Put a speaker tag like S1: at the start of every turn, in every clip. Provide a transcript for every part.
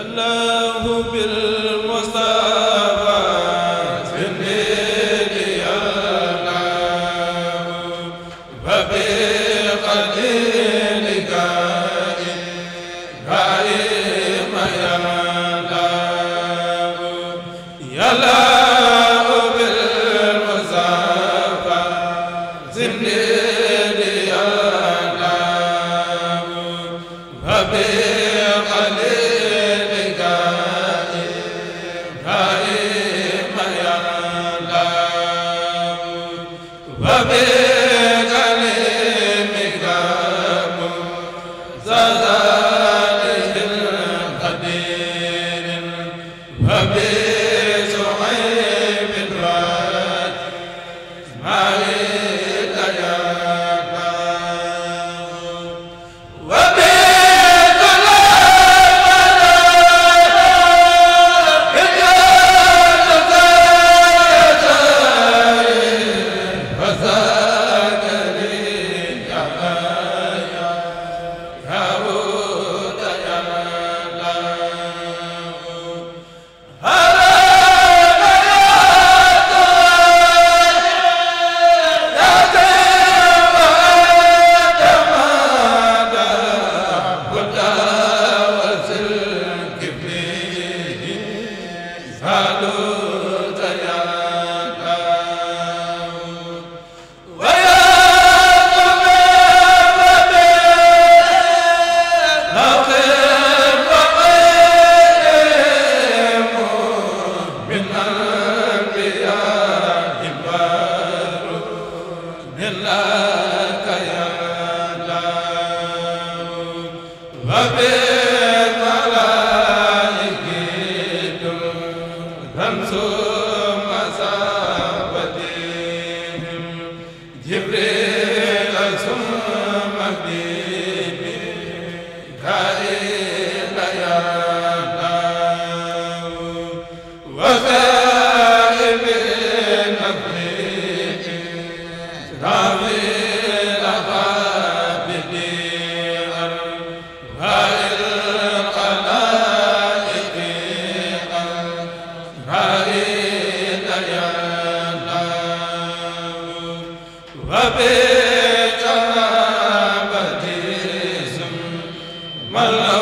S1: الله بال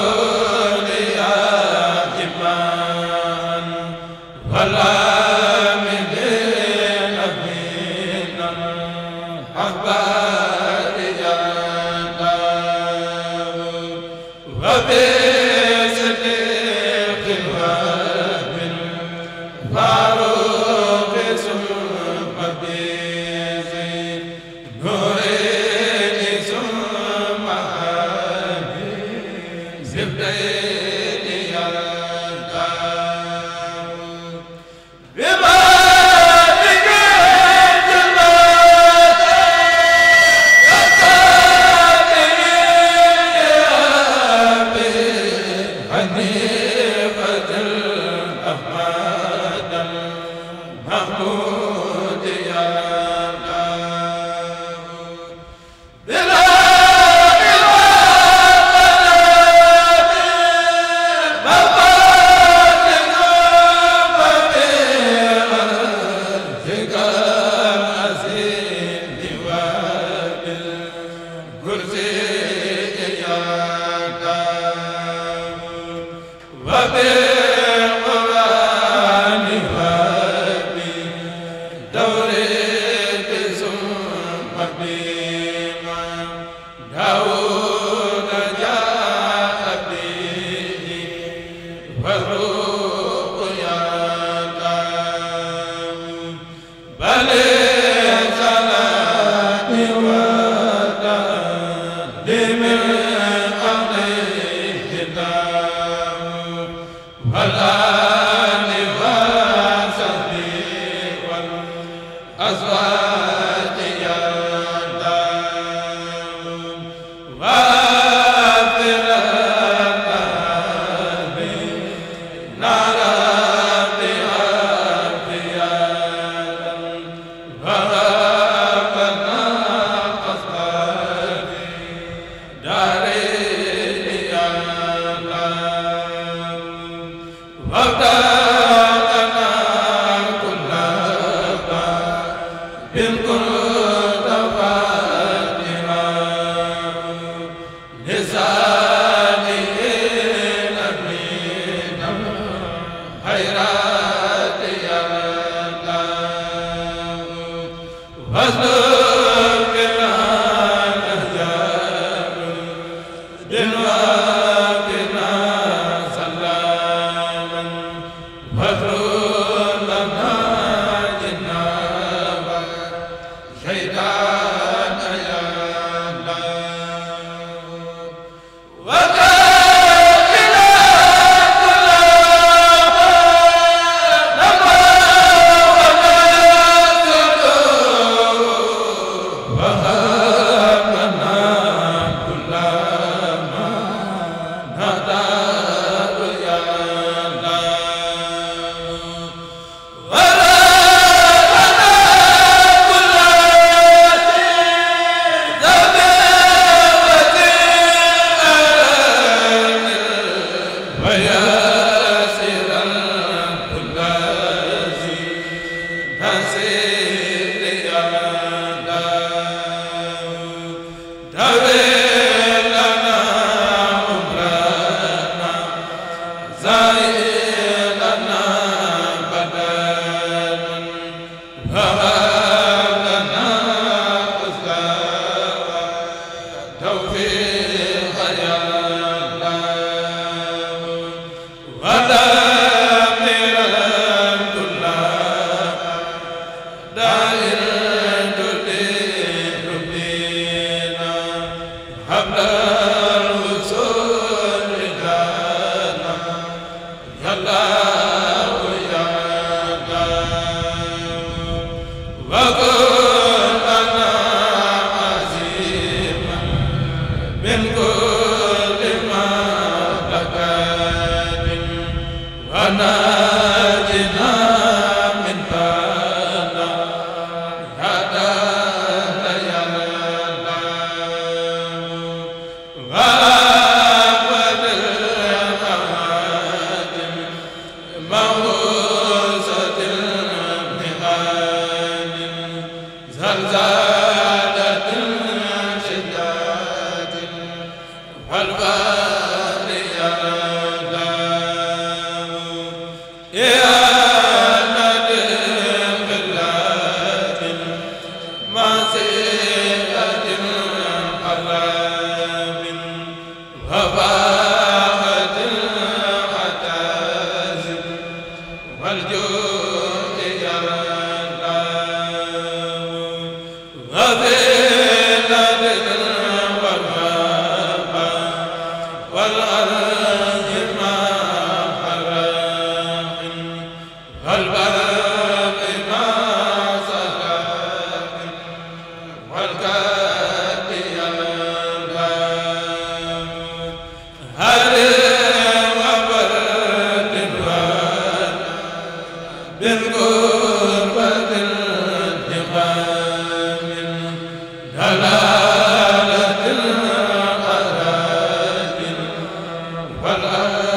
S1: waaw dina wala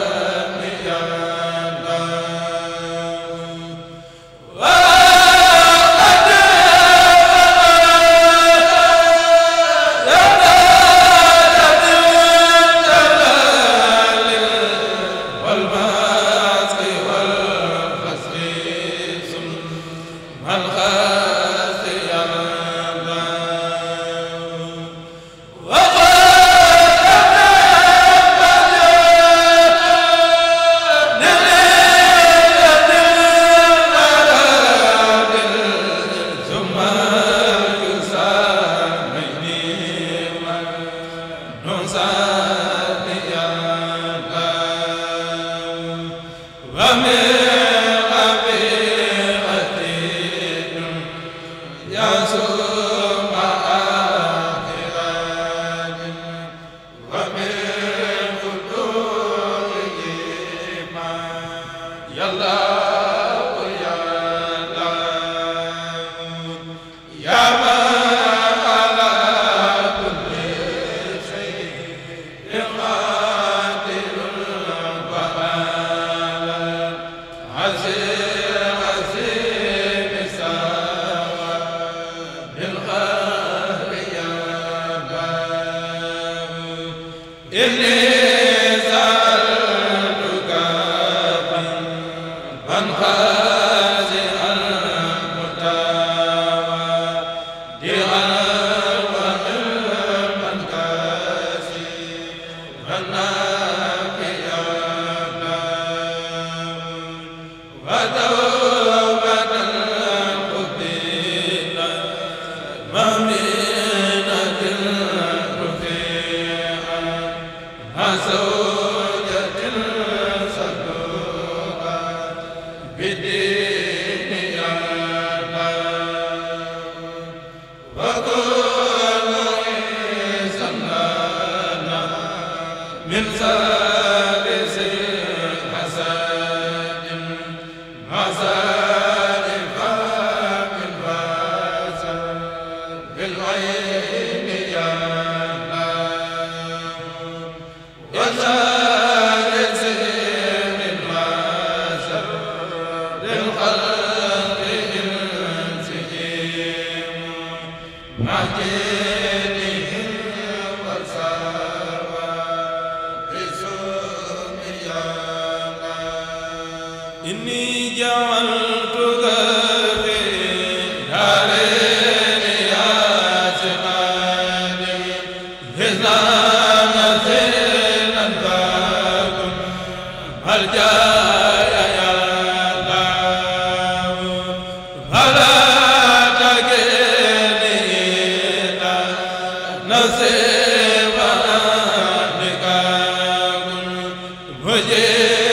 S1: wajee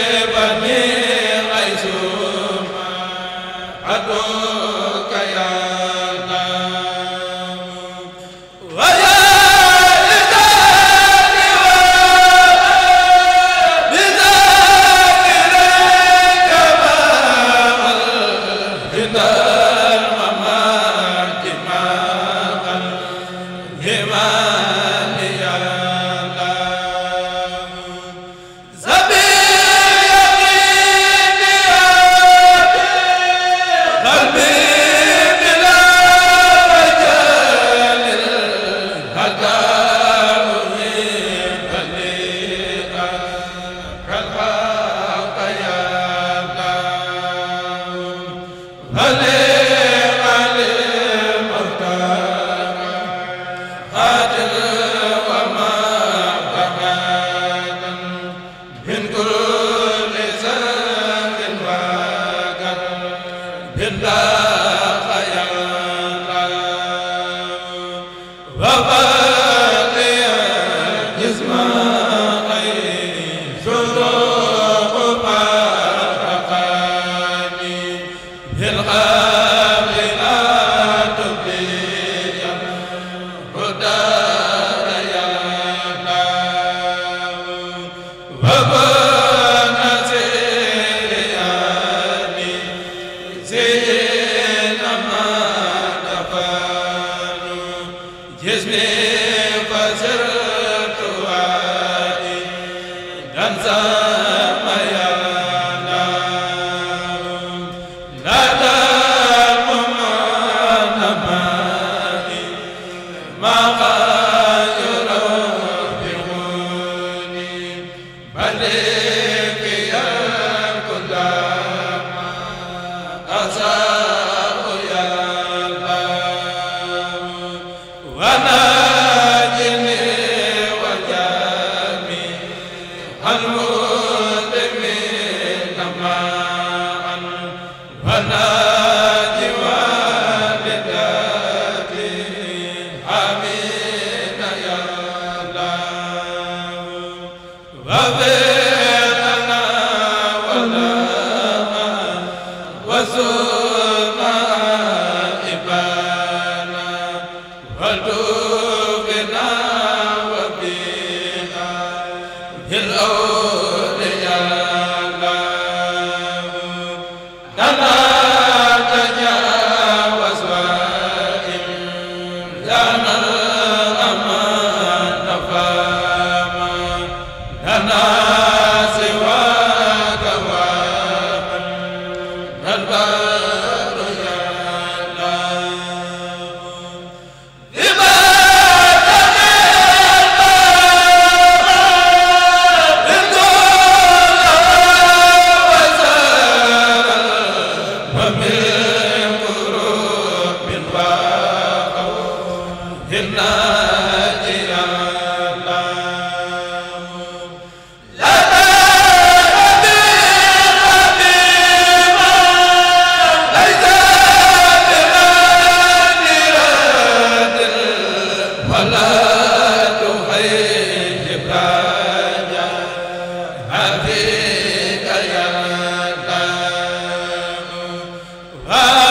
S1: يزمي al o ah